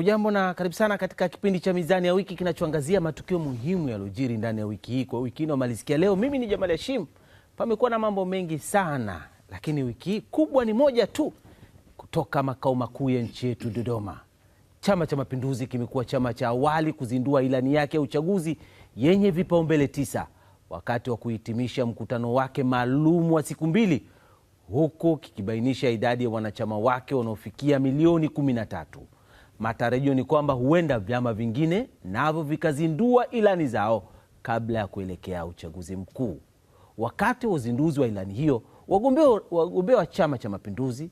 Hujambo na karibu sana katika kipindi cha Mizani ya Wiki kinachoangazia matukio muhimu yaliyojiri ndani ya wiki hii. Kwa wiki inayomalizikia leo, mimi ni Jamal Hashim. Pamekuwa na mambo mengi sana, lakini wiki hii kubwa ni moja tu, kutoka makao makuu ya nchi yetu Dodoma. Chama cha Mapinduzi kimekuwa chama cha awali kuzindua ilani yake ya uchaguzi yenye vipaumbele tisa wakati wa kuhitimisha mkutano wake maalum wa siku mbili, huku kikibainisha idadi ya wanachama wake wanaofikia milioni kumi na tatu. Matarajio ni kwamba huenda vyama vingine navyo vikazindua ilani zao kabla ya kuelekea uchaguzi mkuu. Wakati wa uzinduzi wa ilani hiyo, wagombea wa Chama cha Mapinduzi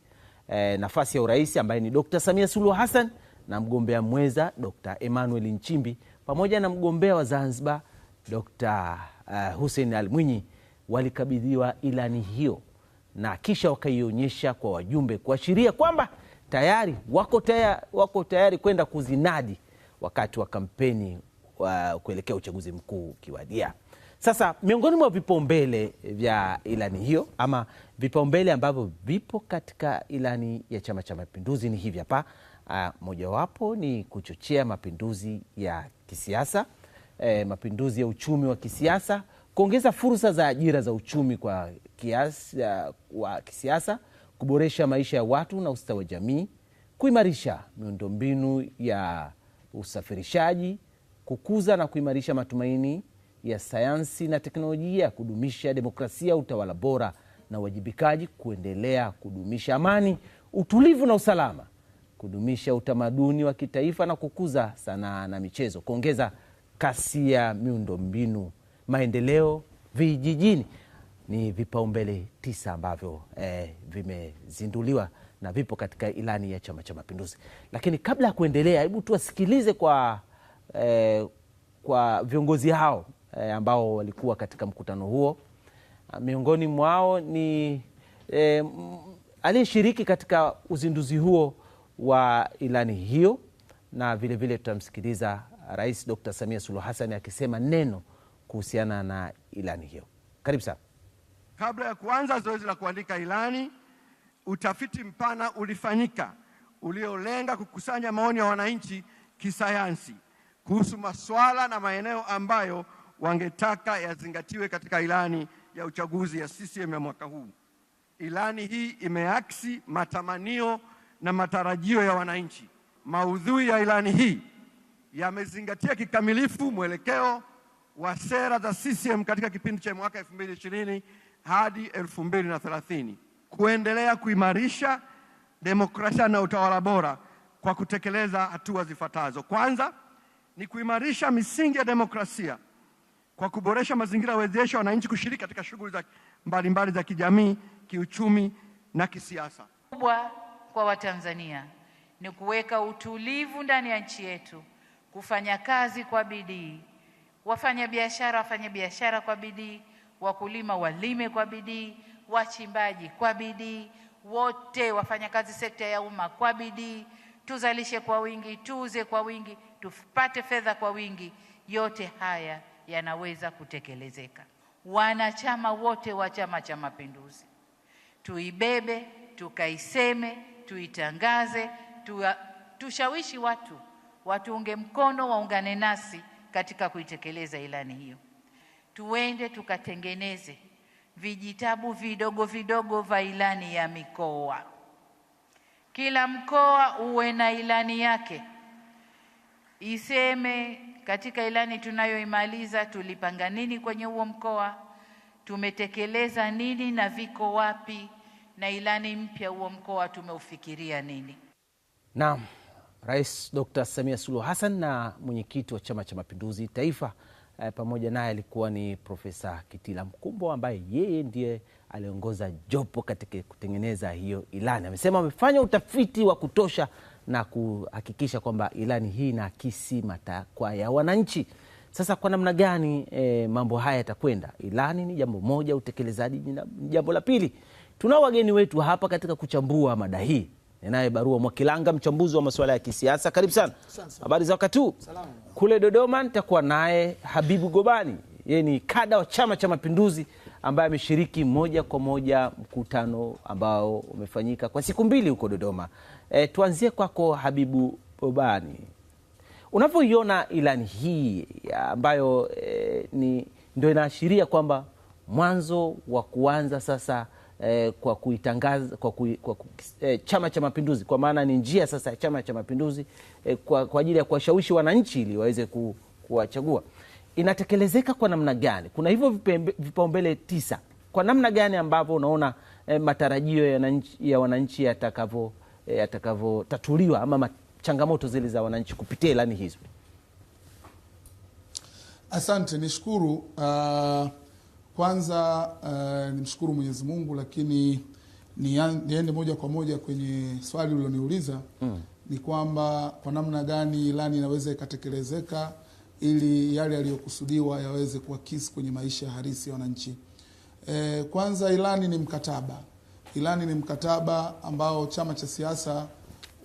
eh, nafasi ya urais ambaye ni Dkt. Samia Suluhu Hassan na mgombea mweza Dkt. Emmanuel Nchimbi pamoja na mgombea wa Zanzibar Dkt. Eh, Hussein Ali Mwinyi walikabidhiwa ilani hiyo na kisha wakaionyesha kwa wajumbe kuashiria kwamba tayari wako tayari, wako tayari kwenda kuzinadi wakati wa kampeni wa kuelekea uchaguzi mkuu ukiwadia. Sasa miongoni mwa vipaumbele vya ilani hiyo ama vipaumbele ambavyo vipo katika ilani ya Chama cha Mapinduzi ni hivi hapa. Ah, mojawapo ni kuchochea mapinduzi ya kisiasa e, mapinduzi ya uchumi wa kisiasa, kuongeza fursa za ajira za uchumi kwa kiasi, ah, wa kisiasa kuboresha maisha ya watu na ustawi wa jamii, kuimarisha miundombinu ya usafirishaji, kukuza na kuimarisha matumaini ya sayansi na teknolojia, kudumisha demokrasia, utawala bora na uwajibikaji, kuendelea kudumisha amani, utulivu na usalama, kudumisha utamaduni wa kitaifa na kukuza sanaa na michezo, kuongeza kasi ya miundombinu, maendeleo vijijini ni vipaumbele tisa ambavyo eh, vimezinduliwa na vipo katika ilani ya Chama cha Mapinduzi. Lakini kabla ya kuendelea, hebu tuwasikilize kwa, eh, kwa viongozi hao eh, ambao walikuwa katika mkutano huo. Miongoni mwao ni eh, aliyeshiriki katika uzinduzi huo wa ilani hiyo, na vilevile tutamsikiliza Rais Dr. Samia Suluhu Hassan akisema neno kuhusiana na ilani hiyo. Karibu sana. Kabla ya kuanza zoezi la kuandika ilani, utafiti mpana ulifanyika uliolenga kukusanya maoni ya wananchi kisayansi kuhusu masuala na maeneo ambayo wangetaka yazingatiwe katika ilani ya uchaguzi ya CCM ya mwaka huu. Ilani hii imeaksi matamanio na matarajio ya wananchi. Maudhui ya ilani hii yamezingatia kikamilifu mwelekeo wa sera za CCM katika kipindi cha mwaka 2020 hadi thelathini kuendelea kuimarisha demokrasia na utawala bora kwa kutekeleza hatua zifuatazo. Kwanza ni kuimarisha misingi ya demokrasia kwa kuboresha mazingira ya wananchi kushiriki katika shughuli za mbalimbali za kijamii, kiuchumi na kisiasa. Kubwa kwa Watanzania ni kuweka utulivu ndani ya nchi yetu, kufanya kazi kwa bidii, wafanya biashara wafanye biashara kwa bidii, wakulima walime kwa bidii, wachimbaji kwa bidii, wote wafanyakazi sekta ya umma kwa bidii, tuzalishe kwa wingi, tuuze kwa wingi, tupate fedha kwa wingi. Yote haya yanaweza kutekelezeka. Wanachama wote wa Chama cha Mapinduzi, tuibebe, tukaiseme, tuitangaze, tuwa, tushawishi watu watuunge mkono, waungane nasi katika kuitekeleza ilani hiyo tuende tukatengeneze vijitabu vidogo vidogo vya ilani ya mikoa. Kila mkoa uwe na ilani yake, iseme katika ilani tunayoimaliza tulipanga nini kwenye huo mkoa, tumetekeleza nini na viko wapi, na ilani mpya huo mkoa tumeufikiria nini. Naam, Rais Dr. Samia Suluhu Hassan na mwenyekiti wa Chama cha Mapinduzi Taifa Eh, pamoja naye alikuwa ni Profesa Kitila Mkumbo ambaye yeye ndiye aliongoza jopo katika kutengeneza hiyo ilani. Amesema amefanya utafiti wa kutosha na kuhakikisha kwamba ilani hii inaakisi matakwa ya wananchi. Sasa kwa namna gani e, mambo haya yatakwenda? Ilani ni jambo moja, utekelezaji ni jambo la pili. Tunao wageni wetu hapa katika kuchambua mada hii. Ninaye Barua Mwakilanga, mchambuzi wa masuala ya kisiasa. Karibu sana, habari za wakati huu? Kule Dodoma nitakuwa naye Habibu Gobani, yeye ni kada wa Chama cha Mapinduzi ambaye ameshiriki moja kwa moja mkutano ambao umefanyika kwa siku mbili huko Dodoma. E, tuanzie kwako Habibu Gobani, unavyoiona ilani hii ambayo e, ni ndio inaashiria kwamba mwanzo wa kuanza sasa Eh, kwa kuitangaza kwa kui, kwa e, Chama cha Mapinduzi kwa maana ni njia sasa ya Chama cha Mapinduzi e, kwa, kwa ajili ya kuwashawishi wananchi ili waweze ku, kuwachagua inatekelezeka kwa namna gani? Kuna hivyo vipaumbele tisa, kwa namna gani ambavyo unaona e, matarajio ya wananchi yatakavyo yatakavyotatuliwa ama changamoto zile za wananchi kupitia ilani hizo? Asante, nishukuru uh... Kwanza uh, nimshukuru Mwenyezi Mungu, lakini niende moja kwa moja kwenye swali uliloniuliza mm. Ni kwamba kwa namna gani ilani inaweza ikatekelezeka ili yale yaliyokusudiwa yaweze kuakisi kwenye maisha halisi ya wananchi. E, kwanza ilani ni mkataba. Ilani ni mkataba ambao chama cha siasa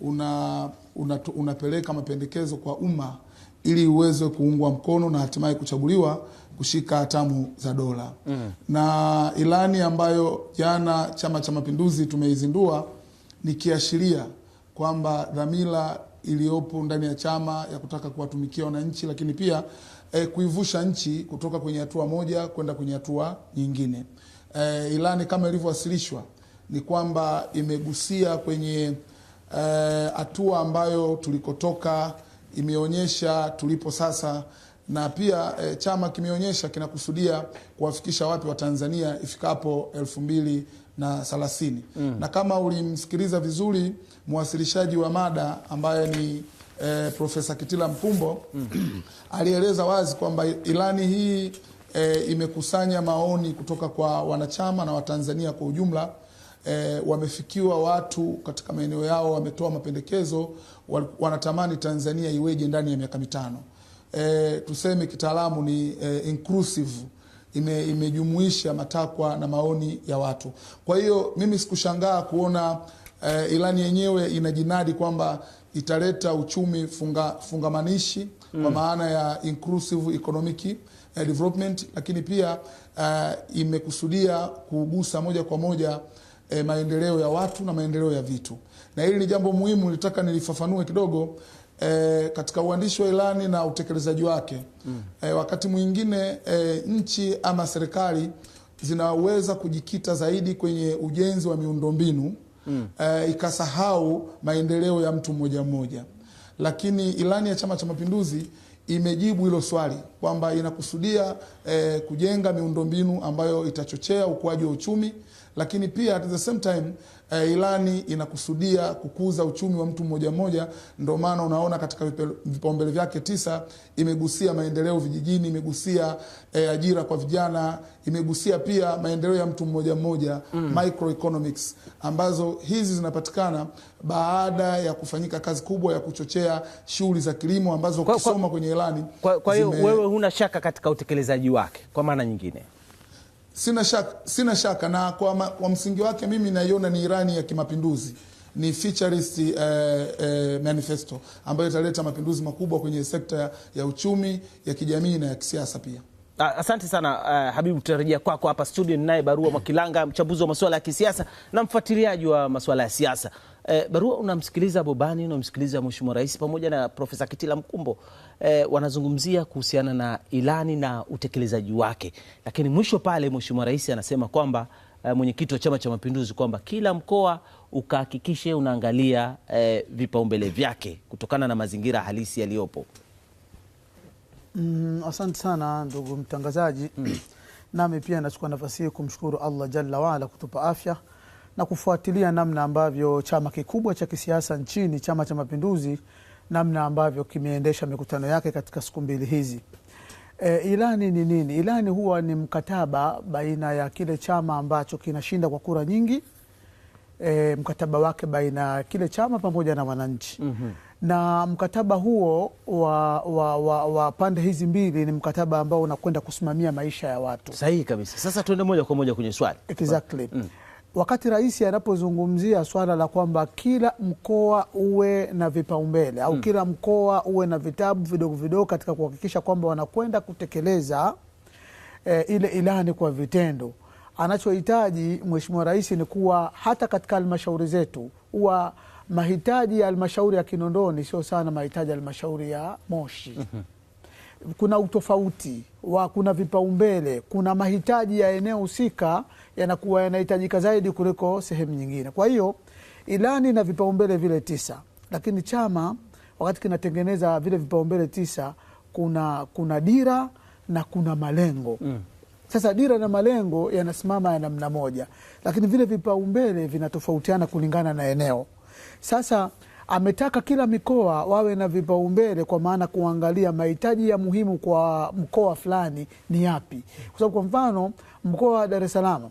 una, una, unapeleka mapendekezo kwa umma ili uweze kuungwa mkono na hatimaye kuchaguliwa kushika hatamu za dola mm. na ilani ambayo jana Chama cha Mapinduzi tumeizindua ni kiashiria kwamba dhamira iliyopo ndani ya chama ya kutaka kuwatumikia wananchi, lakini pia e, kuivusha nchi kutoka kwenye hatua moja kwenda kwenye hatua nyingine. E, ilani kama ilivyowasilishwa ni kwamba imegusia kwenye eh, hatua e, ambayo tulikotoka imeonyesha tulipo sasa na pia e, chama kimeonyesha kinakusudia kuwafikisha wapi wa Tanzania ifikapo elfu mbili na thelathini. Mm. Na kama ulimsikiliza vizuri mwasilishaji wa mada ambaye ni e, Profesa Kitila Mpumbo mm. alieleza wazi kwamba ilani hii e, imekusanya maoni kutoka kwa wanachama na Watanzania kwa ujumla e, wamefikiwa watu katika maeneo yao, wametoa mapendekezo, wanatamani Tanzania iweje ndani ya miaka mitano. E, tuseme kitaalamu ni e, inclusive ime, imejumuisha matakwa na maoni ya watu. Kwa hiyo mimi sikushangaa kuona e, ilani yenyewe inajinadi kwamba italeta uchumi funga, fungamanishi mm, kwa maana ya inclusive economic development, lakini pia uh, imekusudia kugusa moja kwa moja e, maendeleo ya watu na maendeleo ya vitu, na hili ni jambo muhimu, nilitaka nilifafanue kidogo e, katika uandishi wa ilani na utekelezaji wake mm. E, wakati mwingine e, nchi ama serikali zinaweza kujikita zaidi kwenye ujenzi wa miundombinu mm. E, ikasahau maendeleo ya mtu mmoja mmoja, lakini ilani ya Chama cha Mapinduzi imejibu hilo swali kwamba inakusudia eh, kujenga miundombinu ambayo itachochea ukuaji wa uchumi lakini pia at the same time e, eh, ilani inakusudia kukuza uchumi wa mtu mmoja mmoja. Ndio maana unaona katika vipaumbele vyake tisa imegusia maendeleo vijijini, imegusia e, ajira kwa vijana, imegusia pia maendeleo ya mtu mmoja mmoja mm. microeconomics ambazo hizi zinapatikana baada ya kufanyika kazi kubwa ya kuchochea shughuli za kilimo ambazo ukisoma kwenye ilani. Kwa hiyo wewe huna shaka katika utekelezaji wake kwa maana nyingine sina shaka, sina shaka na kwa, ma, kwa msingi wake mimi naiona ni Irani ya kimapinduzi ni futurist eh, eh, manifesto ambayo italeta mapinduzi makubwa kwenye sekta ya uchumi ya kijamii na ya kisiasa pia. Ah, asante sana uh, Habibu, tutarejea kwako kwa hapa studio. Ninaye Barua Mwakilanga, mchambuzi wa masuala ya kisiasa na mfuatiliaji wa masuala ya siasa eh, barua unamsikiliza Bobani, unamsikiliza Mheshimiwa Rais pamoja na Profesa Kitila Mkumbo eh, wanazungumzia kuhusiana na ilani na utekelezaji wake, lakini mwisho pale Mheshimiwa Rais anasema kwamba eh, mwenyekiti wa Chama cha Mapinduzi kwamba kila mkoa ukahakikishe unaangalia eh, vipaumbele vyake kutokana na mazingira halisi yaliyopo. Mm, asante sana ndugu mtangazaji. Mm. Nami pia nachukua nafasi hii kumshukuru Allah jalla waala kutupa afya na kufuatilia namna ambavyo chama kikubwa cha kisiasa nchini, Chama cha Mapinduzi, namna ambavyo kimeendesha mikutano yake katika siku mbili hizi. E, ilani ni nini? Ilani huwa ni mkataba baina ya kile chama ambacho kinashinda kwa kura nyingi e, mkataba wake baina ya kile chama pamoja na wananchi mm -hmm. Na mkataba huo wa, wa, wa, wa pande hizi mbili ni mkataba ambao unakwenda kusimamia maisha ya watu. Sahihi kabisa. Sasa tuende moja kwa moja kwenye swali. Exactly. Mm wakati rais anapozungumzia swala la kwamba kila mkoa uwe na vipaumbele au hmm, kila mkoa uwe na vitabu vidogo vidogo katika kuhakikisha kwamba wanakwenda kutekeleza e, ile ilani kwa vitendo, anachohitaji mheshimiwa rais ni kuwa hata katika halmashauri zetu huwa mahitaji ya halmashauri ya Kinondoni sio sana mahitaji ya halmashauri ya Moshi. Mhm kuna utofauti wa kuna vipaumbele, kuna mahitaji ya eneo husika yanakuwa yanahitajika zaidi kuliko sehemu nyingine. Kwa hiyo ilani na vipaumbele vile tisa, lakini chama wakati kinatengeneza vile vipaumbele tisa, kuna kuna dira na kuna malengo mm. Sasa dira na malengo yanasimama ya namna moja, lakini vile vipaumbele vinatofautiana kulingana na eneo. Sasa ametaka kila mikoa wawe na vipaumbele, kwa maana kuangalia mahitaji ya muhimu kwa mkoa fulani ni yapi, kwa sababu kwa mfano mkoa wa Dar es Salaam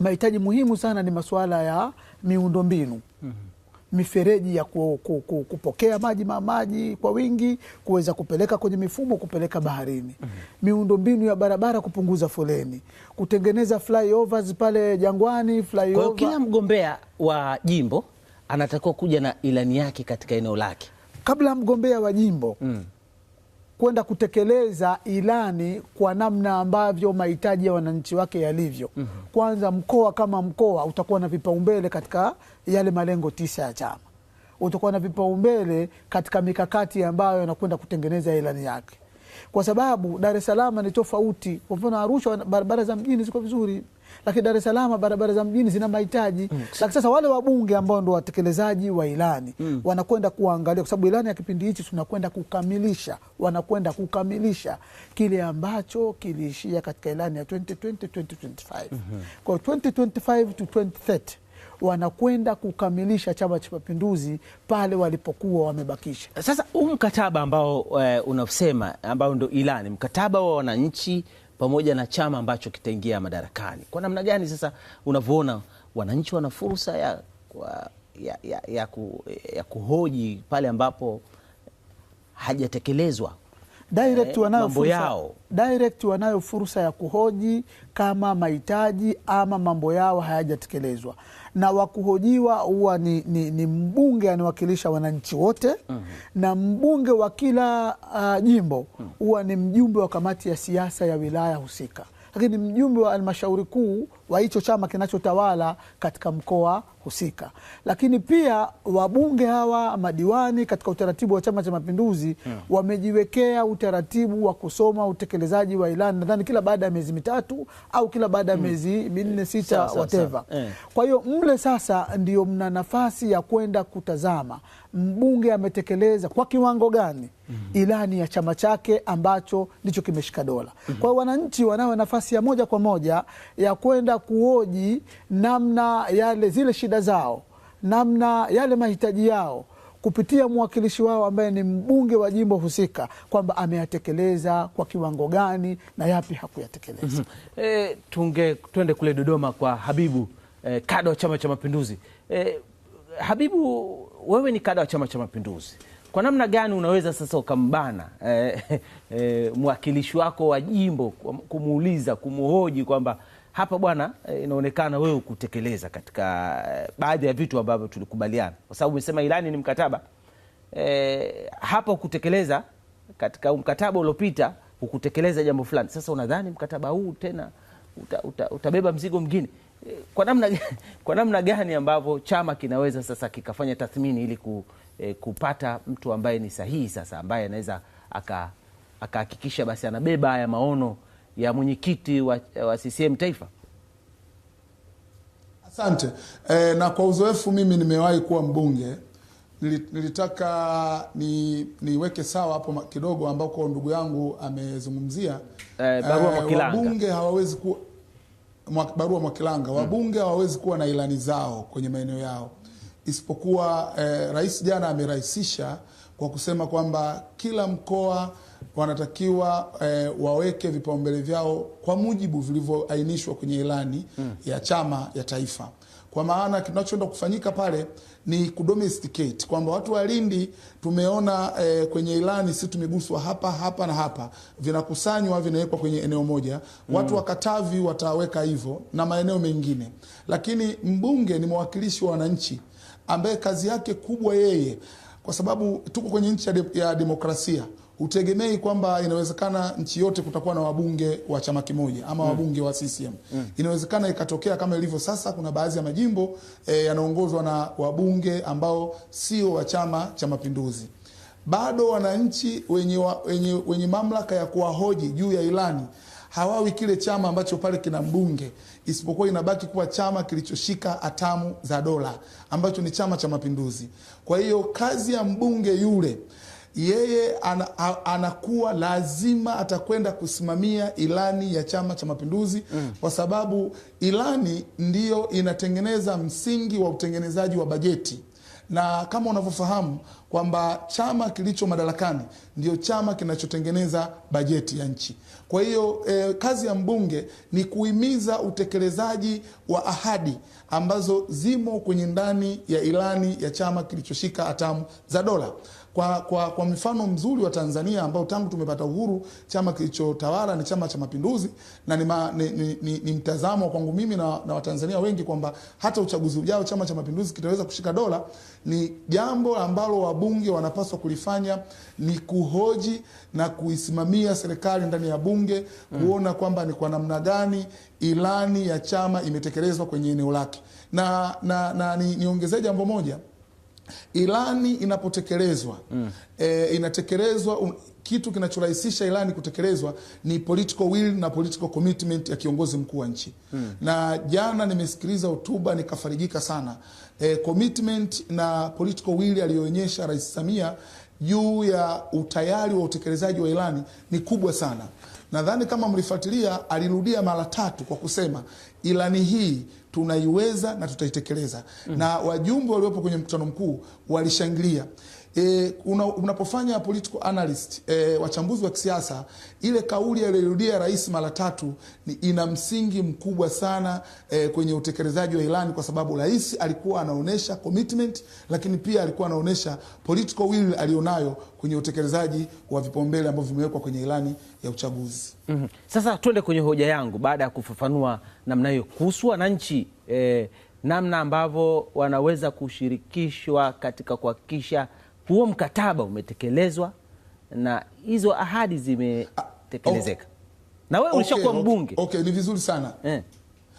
mahitaji muhimu sana ni masuala ya miundombinu mm -hmm mifereji ya ku, ku, ku, kupokea maji maji kwa wingi kuweza kupeleka kwenye mifumo kupeleka baharini. mm -hmm. Miundombinu ya barabara, kupunguza foleni, kutengeneza flyovers pale Jangwani, flyover. Kwa kila mgombea wa jimbo anatakiwa kuja na ilani yake katika eneo lake kabla mgombea wa jimbo mm. kwenda kutekeleza ilani kwa namna ambavyo mahitaji ya wananchi wake yalivyo. mm -hmm. Kwanza mkoa kama mkoa utakuwa na vipaumbele katika yale malengo tisa ya chama, utakuwa na vipaumbele katika mikakati ambayo anakwenda kutengeneza ilani yake, kwa sababu Dar es Salaam ni tofauti. Kwa mfano, Arusha barabara za mjini ziko vizuri, lakini Dar es Salaam barabara za mjini zina mahitaji mm. Lakini sasa wale wabunge ambao ndio watekelezaji wa ilani mm. wanakwenda kuangalia, kwa sababu ilani ya kipindi hichi tunakwenda kukamilisha, wanakwenda kukamilisha kile ambacho kiliishia katika ilani ya 2020 2025 mm -hmm. kwa 2025 to 2030 wanakwenda kukamilisha Chama cha Mapinduzi pale walipokuwa wamebakisha. Sasa huu mkataba ambao e, unaosema ambao ndo ilani, mkataba wa wananchi pamoja na chama ambacho kitaingia madarakani. Kwa namna gani sasa unavyoona wananchi wana fursa ya, ya, ya, ya, ku, ya kuhoji pale ambapo hajatekelezwa direct eh, wanayo fursa, direct wanayo fursa ya kuhoji kama mahitaji ama mambo yao hayajatekelezwa, na wakuhojiwa huwa ni, ni, ni mbunge anawakilisha wananchi wote mm -hmm. na mbunge wa kila uh, jimbo mhm. huwa mm -hmm. ni mjumbe wa kamati ya siasa ya wilaya husika lakini mjumbe wa halmashauri kuu wa hicho chama kinachotawala katika mkoa husika, lakini pia wabunge hawa madiwani katika utaratibu wa Chama cha Mapinduzi yeah, hmm. wamejiwekea utaratibu wa kusoma utekelezaji wa ilani nadhani kila baada ya miezi mitatu au kila baada ya hmm. miezi minne sita, whatever. Eh. Kwa hiyo mle sasa ndio mna nafasi ya kwenda kutazama mbunge ametekeleza kwa kiwango gani -hmm. ilani ya chama chake ambacho ndicho kimeshika dola mm -hmm. Kwa hiyo wananchi wanayo nafasi ya moja kwa moja ya kwenda kuoji namna yale zile shida zao, namna yale mahitaji yao kupitia mwakilishi wao ambaye ni mbunge wa jimbo husika, kwamba ameyatekeleza kwa kiwango gani na yapi hakuyatekeleza. mm -hmm. E, tunge twende kule Dodoma kwa Habibu e, kada wa Chama cha Mapinduzi. E, Habibu, wewe ni kada wa Chama cha Mapinduzi. Kwa namna gani unaweza sasa ukambana eh, eh, mwakilishi wako wa jimbo kumuuliza, kumuhoji kwamba hapa bwana, eh, inaonekana wewe ukutekeleza katika eh, baadhi ya vitu ambavyo tulikubaliana, kwa sababu umesema ilani ni mkataba e, hapa ukutekeleza katika mkataba uliopita ukutekeleza jambo fulani. Sasa unadhani mkataba huu tena uta, uta, utabeba mzigo mwingine kwa namna, kwa namna gani ambavyo chama kinaweza sasa kikafanya tathmini ili ku e, kupata mtu ambaye ni sahihi sasa, ambaye anaweza akahakikisha basi anabeba haya maono ya mwenyekiti wa, wa CCM taifa? Asante e, na kwa uzoefu mimi nimewahi kuwa mbunge nilitaka ni, niweke sawa hapo kidogo ambako ndugu yangu amezungumzia eh, barua eh, Mwakilanga. Wabunge hawawezi kuwa barua Mwakilanga, hmm. wabunge hawawezi kuwa na ilani zao kwenye maeneo yao isipokuwa eh, rais jana amerahisisha kwa kusema kwamba kila mkoa wanatakiwa eh, waweke vipaumbele vyao kwa mujibu vilivyoainishwa kwenye ilani mm. ya chama ya taifa. Kwa maana kinachoenda kufanyika pale ni kudomesticate kwamba watu wa Lindi tumeona eh, kwenye ilani si tumeguswa hapa hapa na hapa, vinakusanywa vinawekwa kwenye eneo moja mm. watu hmm. wa Katavi wataweka hivyo na maeneo mengine, lakini mbunge ni mwakilishi wa wananchi ambaye kazi yake kubwa yeye, kwa sababu tuko kwenye nchi ya, de, ya demokrasia hutegemei kwamba inawezekana nchi yote kutakuwa na wabunge wa chama kimoja ama mm. wabunge wa CCM mm. inawezekana ikatokea kama ilivyo sasa, kuna baadhi ya majimbo e, yanaongozwa na wabunge ambao sio wa Chama cha Mapinduzi. Bado wananchi wenye, wa, wenye, wenye mamlaka ya kuwahoji juu ya ilani hawawi kile chama ambacho pale kina mbunge isipokuwa inabaki kuwa chama kilichoshika hatamu za dola ambacho ni Chama cha Mapinduzi. Kwa hiyo kazi ya mbunge yule yeye ana, anakuwa lazima atakwenda kusimamia ilani ya Chama cha Mapinduzi mm. Kwa sababu ilani ndiyo inatengeneza msingi wa utengenezaji wa bajeti na kama unavyofahamu kwamba chama kilicho madarakani ndio chama kinachotengeneza bajeti ya nchi. Kwa hiyo e, kazi ya mbunge ni kuhimiza utekelezaji wa ahadi ambazo zimo kwenye ndani ya ilani ya chama kilichoshika hatamu za dola. Kwa, kwa, kwa mfano mzuri wa Tanzania ambao tangu tumepata uhuru chama kilichotawala ni Chama cha Mapinduzi na ni, ma, ni, ni, ni, ni mtazamo kwangu mimi na, na Watanzania wengi kwamba hata uchaguzi ujao Chama cha Mapinduzi kitaweza kushika dola. Ni jambo ambalo wabunge wanapaswa kulifanya ni kuhoji na kuisimamia serikali ndani ya bunge mm. kuona mm, kwamba ni kwa namna gani ilani ya chama imetekelezwa kwenye eneo lake, na, na, na niongezee ni jambo moja Ilani inapotekelezwa mm. E, inatekelezwa un, um, kitu kinachorahisisha ilani kutekelezwa ni political will na political commitment ya kiongozi mkuu wa nchi mm. Na jana nimesikiliza hotuba nikafarijika sana e, commitment na political will aliyoonyesha Rais Samia juu ya utayari wa utekelezaji wa ilani ni kubwa sana. Nadhani kama mlifuatilia, alirudia mara tatu kwa kusema ilani hii tunaiweza na tutaitekeleza. Mm. Na wajumbe waliopo kwenye mkutano mkuu walishangilia e, una, unapofanya political analyst e, wachambuzi wa kisiasa, ile kauli aliyorudia rais mara tatu ni ina msingi mkubwa sana e, kwenye utekelezaji wa ilani, kwa sababu rais alikuwa anaonesha commitment, lakini pia alikuwa anaonesha political will alionayo kwenye utekelezaji wa vipaumbele ambavyo vimewekwa kwenye ilani ya uchaguzi. Mm -hmm. Sasa tuende kwenye hoja yangu baada ya kufafanua namna hiyo kuhusu wananchi eh, namna ambavyo wanaweza kushirikishwa katika kuhakikisha huo mkataba umetekelezwa na hizo ahadi zimetekelezeka. Na wewe ulishakuwa mbunge. Okay, ni vizuri sana eh.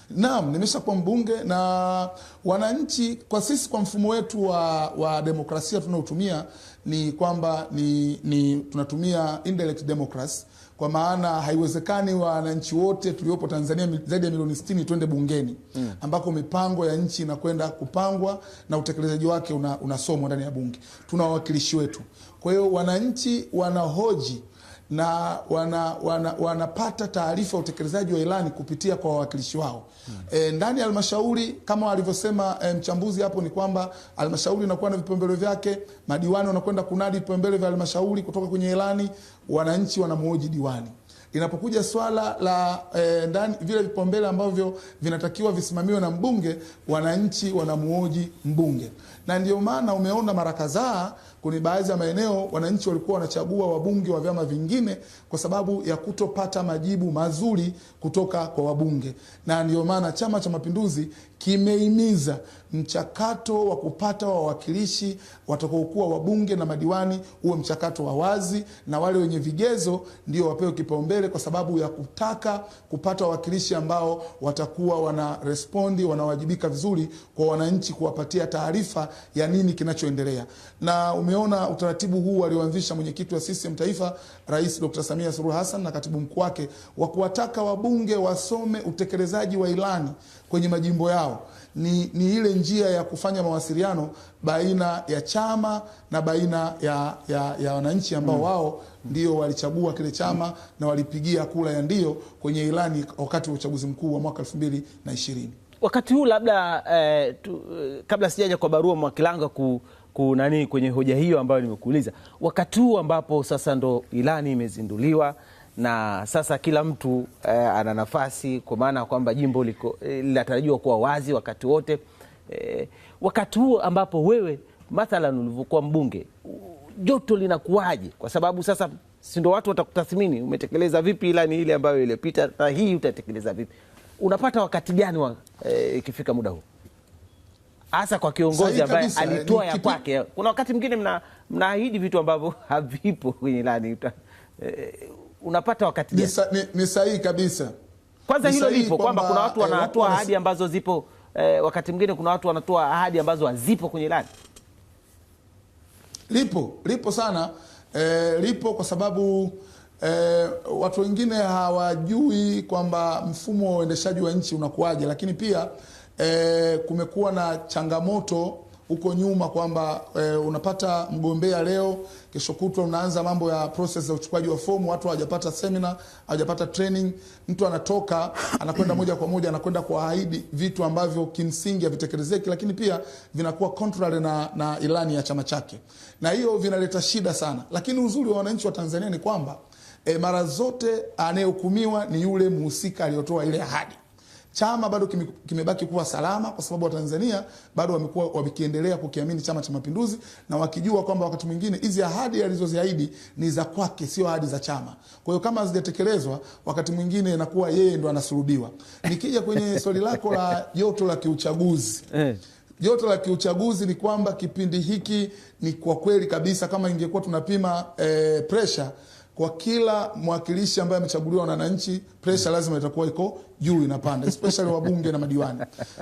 Naam, nimeshakuwa mbunge na wananchi, kwa sisi, kwa mfumo wetu wa, wa demokrasia tunaotumia ni kwamba ni, ni tunatumia indirect democracy kwa maana haiwezekani wananchi wote tuliopo Tanzania zaidi ya milioni sitini twende bungeni mm. ambako mipango ya nchi inakwenda kupangwa na utekelezaji wake unasomwa una ndani ya bunge. Tuna wawakilishi wetu, kwa hiyo wananchi wanahoji na wana, wana, wanapata taarifa ya utekelezaji wa ilani kupitia kwa wawakilishi wao mm. E, ndani ya halmashauri kama alivyosema e, mchambuzi hapo ni kwamba halmashauri inakuwa na vipaumbele vyake, madiwani wanakwenda kunadi vipaumbele vya halmashauri kutoka kwenye ilani wananchi wanamhoji diwani. Inapokuja swala la e, ndani vile vipaumbele ambavyo vinatakiwa visimamiwe na mbunge, wananchi wanamuoji mbunge, na ndio maana umeona mara kadhaa kuna baadhi ya maeneo wananchi walikuwa wanachagua wabunge wa vyama vingine kwa sababu ya kutopata majibu mazuri kutoka kwa wabunge, na ndio maana Chama cha Mapinduzi kimehimiza mchakato wa kupata wawakilishi watakaokuwa wabunge na madiwani uwe mchakato wa wazi, na wale wenye vigezo ndio wapewe kipaumbele kwa sababu ya kutaka kupata wawakilishi ambao watakuwa wana respondi, wanawajibika vizuri kwa wananchi, kuwapatia taarifa ya nini kinachoendelea na ume Umeona utaratibu huu alioanzisha mwenyekiti wa CCM Taifa, Rais Dr. Samia Suluhu Hassan na katibu mkuu wake wa kuwataka wabunge wasome utekelezaji wa ilani kwenye majimbo yao ni, ni ile njia ya kufanya mawasiliano baina ya chama na baina ya, ya, ya wananchi ambao mm. wao ndio walichagua kile chama mm. na walipigia kura ya ndio kwenye ilani wakati wa uchaguzi mkuu wa mwaka elfu mbili na ishirini. Wakati huu labda eh, tu, eh, kabla sijaja kwa barua Mwakilanga ku kunani kwenye hoja hiyo ambayo nimekuuliza, wakati huu ambapo sasa ndo ilani imezinduliwa na sasa kila mtu eh, ana nafasi, kwa maana kwamba jimbo liko eh, linatarajiwa eh, kuwa wazi wakati wote eh, wakati huu ambapo wewe mathalan ulivyokuwa mbunge, joto linakuwaje? Kwa sababu sasa si ndo watu watakutathmini, umetekeleza vipi ilani ile ambayo ilipita na hii utatekeleza vipi? Unapata wakati gani wa eh, ikifika eh, muda huu? hasa kwa kiongozi ambaye alitoa ya kwake. Kuna wakati mwingine mnaahidi vitu ambavyo havipo kwenye ilani e, unapata wakati ni sahihi kabisa. Kwanza hilo lipo kwamba kuna watu wanatoa eh, ahadi ambazo zipo e, wakati mwingine kuna watu wanatoa ahadi ambazo hazipo kwenye ilani. Lipo lipo sana e, lipo kwa sababu e, watu wengine hawajui kwamba mfumo wa uendeshaji wa nchi unakuwaje, lakini pia e, kumekuwa na changamoto huko nyuma kwamba e, unapata mgombea leo, kesho kutwa unaanza mambo ya process ya uchukuaji wa fomu, watu hawajapata semina, hawajapata training. Mtu anatoka anakwenda moja kwa moja anakwenda kuahidi vitu ambavyo kimsingi havitekelezeki, lakini pia vinakuwa contrary na, na ilani ya chama chake, na hiyo vinaleta shida sana. Lakini uzuri wa wananchi wa Tanzania ni kwamba e, mara zote anayehukumiwa ni yule mhusika aliyotoa ile ahadi chama bado kimebaki kime kuwa salama, kwa sababu Watanzania bado wamekuwa wakiendelea kukiamini Chama cha Mapinduzi na wakijua kwamba wakati mwingine hizi ahadi alizoziahidi ni za kwake, sio ahadi za chama. Kwa hiyo kama hazijatekelezwa, wakati mwingine inakuwa yeye ndo anasurubiwa. Nikija kwenye swali lako la joto la kiuchaguzi eh. joto la kiuchaguzi ni kwamba kipindi hiki ni kwa kweli kabisa, kama ingekuwa tunapima eh, pressure kwa kila mwakilishi ambaye amechaguliwa na wananchi, presha lazima itakuwa iko juu, inapanda especially wabunge na madiwani.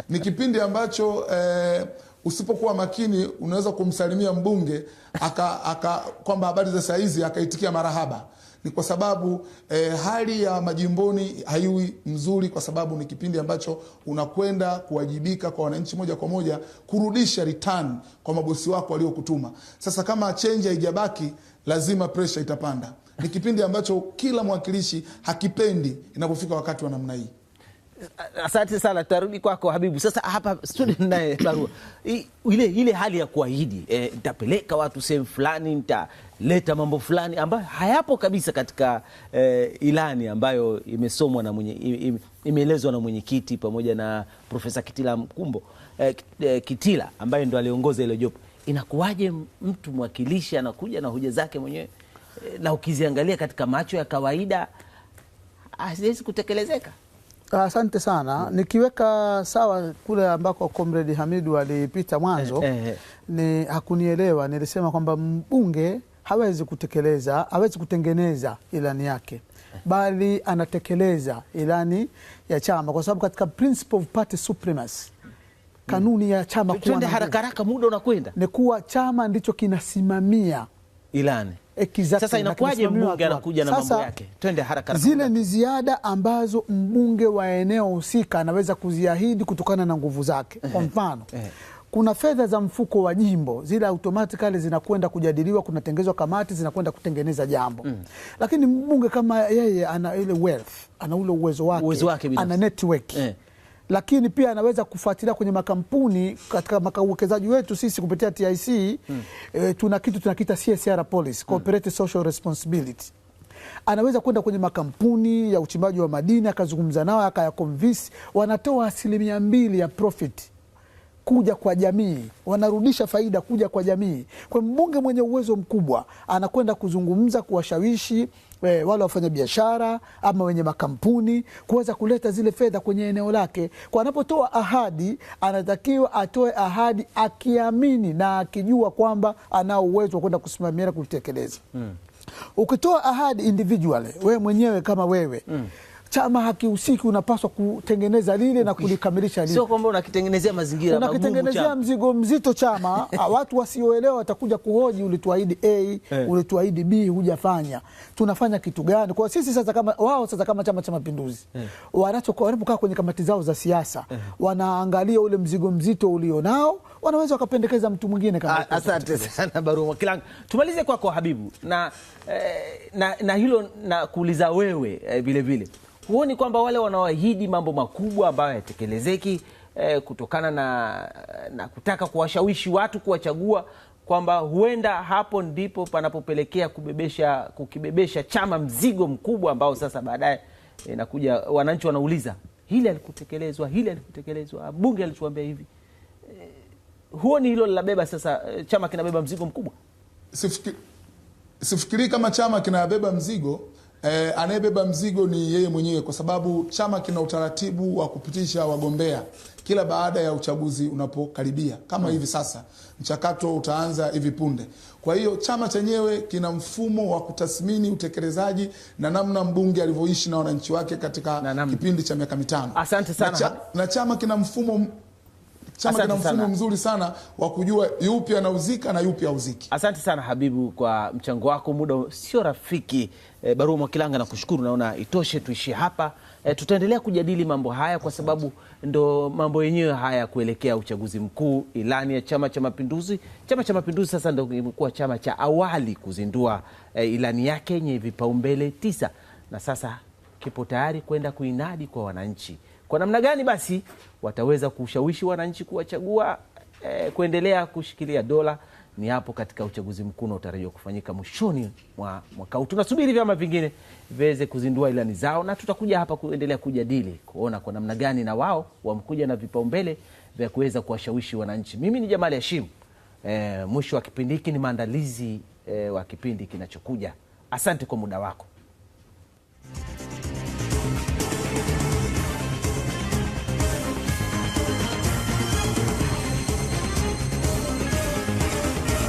Ni kipindi ambacho eh, usipokuwa makini unaweza kumsalimia mbunge aka, aka kwamba habari za saizi akaitikia marahaba. Ni kwa sababu eh, hali ya majimboni haiwi mzuri, kwa sababu ni kipindi ambacho unakwenda kuwajibika kwa wananchi moja kwa moja kurudisha return kwa mabosi wako waliokutuma. Sasa kama chenji haijabaki lazima presha itapanda. Ni kipindi ambacho kila mwakilishi hakipendi inapofika wakati wa namna hii. Asante sana, tutarudi kwako Habibu. Sasa hapa studio naye barua ile ile hali ya kuahidi e, watu sehemu fulani, nitaleta mambo fulani ambayo hayapo kabisa katika e, ilani ambayo imesomwa na mwenye imeelezwa na mwenyekiti pamoja na Profesa Kitila Mkumbo e, e Kitila ambaye ndo aliongoza ile jopo inakuwaje mtu mwakilishi anakuja na hoja zake mwenyewe eh, na ukiziangalia katika macho ya kawaida haziwezi kutekelezeka. Asante sana. Mm. Nikiweka sawa kule ambako Comrade Hamidu alipita mwanzo, eh, eh, eh, ni hakunielewa. Nilisema kwamba mbunge hawezi kutekeleza, hawezi kutengeneza ilani yake bali anatekeleza ilani ya chama, kwa sababu katika principle of party supremacy kanuni ya chama kuwa haraka haraka, muda unakwenda, ni kuwa chama ndicho kinasimamia ilani Exactly. Sasa inakuwaje mbunge anakuja na mambo yake? Twende haraka haraka. Zile ni ziada ambazo mbunge wa eneo husika anaweza kuziahidi kutokana na nguvu zake. Kwa mfano, kuna fedha za mfuko wa jimbo, zile automatically zinakwenda kujadiliwa, kunatengezwa kamati zinakwenda kutengeneza jambo mm. Lakini mbunge kama yeye ana ile wealth, ana ule uwezo wake, uwezo wake ana network eh lakini pia anaweza kufuatilia kwenye makampuni katika uwekezaji wetu sisi kupitia TIC hmm. E, tuna kitu tunakiita CSR policy, hmm. corporate social responsibility. Anaweza kwenda kwenye makampuni ya uchimbaji wa madini akazungumza nao akayakonvinsi, wanatoa asilimia mbili ya profit kuja kwa jamii, wanarudisha faida kuja kwa jamii. Kwa mbunge mwenye uwezo mkubwa anakwenda kuzungumza, kuwashawishi e, wale biashara ama wenye makampuni kuweza kuleta zile fedha kwenye eneo lake. Kwa anapotoa ahadi, anatakiwa atoe ahadi akiamini na akijua kwamba anao uwezo wa kwenda kusimamia na kulitekeleza. Mm. Ukitoa ahadi individually, wewe mwenyewe kama wewe mm chama hakihusiki, unapaswa kutengeneza lile na kulikamilisha lile. Sio kwamba unakitengenezea mazingira, unakitengenezea mzigo mzito chama. Watu wasioelewa watakuja kuhoji, ulituahidi A, eh. ulituahidi B, hujafanya. Tunafanya kitu gani? Kwa sisi sasa, kama wao sasa, kama Chama cha Mapinduzi eh. wanapokaa kwenye kamati zao za siasa, eh. wanaangalia ule mzigo mzito ulionao wanaweza wakapendekeza mtu mwingine Asante sana Baruma Kilanga, tumalize kwako kwa Habibu na, eh, na, na hilo na kuuliza wewe vilevile, eh, huoni kwamba wale wanaoahidi mambo makubwa ambayo yatekelezeki eh, kutokana na, na kutaka kuwashawishi watu kuwachagua kwamba huenda hapo ndipo panapopelekea kubebesha kukibebesha chama mzigo mkubwa ambao sasa baadaye eh, inakuja wananchi wanauliza hili alikutekelezwa, hili alikutekelezwa, bunge alituambia hivi ni hilo linabeba sasa, eh, chama kinabeba mzigo mkubwa? Sifikiri, sifikiri kama chama kinabeba mzigo eh, anayebeba mzigo ni yeye mwenyewe, kwa sababu chama kina utaratibu wa kupitisha wagombea kila baada ya uchaguzi unapokaribia kama hmm, hivi sasa mchakato utaanza hivi punde. Kwa hiyo chama chenyewe kina mfumo wa kutathmini utekelezaji na namna mbunge alivyoishi na wananchi wake katika na kipindi cha miaka mitano. Asante sana. Na, cha, na chama kina mfumo chama kina mfumo mzuri sana wa kujua yupi anauzika na yupi auziki. Asante sana Habibu kwa mchango wako, muda sio rafiki. E, Barua Mwakilanga na kushukuru, naona itoshe, tuishie hapa. E, tutaendelea kujadili mambo haya kwa sababu ndo mambo yenyewe haya kuelekea uchaguzi mkuu, ilani ya Chama cha Mapinduzi. Chama cha Mapinduzi sasa ndo imekuwa chama cha awali kuzindua e, ilani yake yenye vipaumbele tisa na sasa kipo tayari kwenda kuinadi kwa wananchi. Kwa namna gani basi wataweza kushawishi wananchi kuwachagua eh, kuendelea kushikilia dola? Ni hapo katika uchaguzi mkuu unaotarajiwa kufanyika mwishoni mwa mwaka huu. Tunasubiri vyama vingine viweze kuzindua ilani zao, na tutakuja hapa kuendelea kujadili, kuona kwa namna gani na wao wamkuja na vipaumbele vya kuweza kuwashawishi wananchi. Mimi ni Jamali Hashim. E, mwisho wa kipindi hiki ni maandalizi e, wa kipindi kinachokuja. Asante kwa muda wako.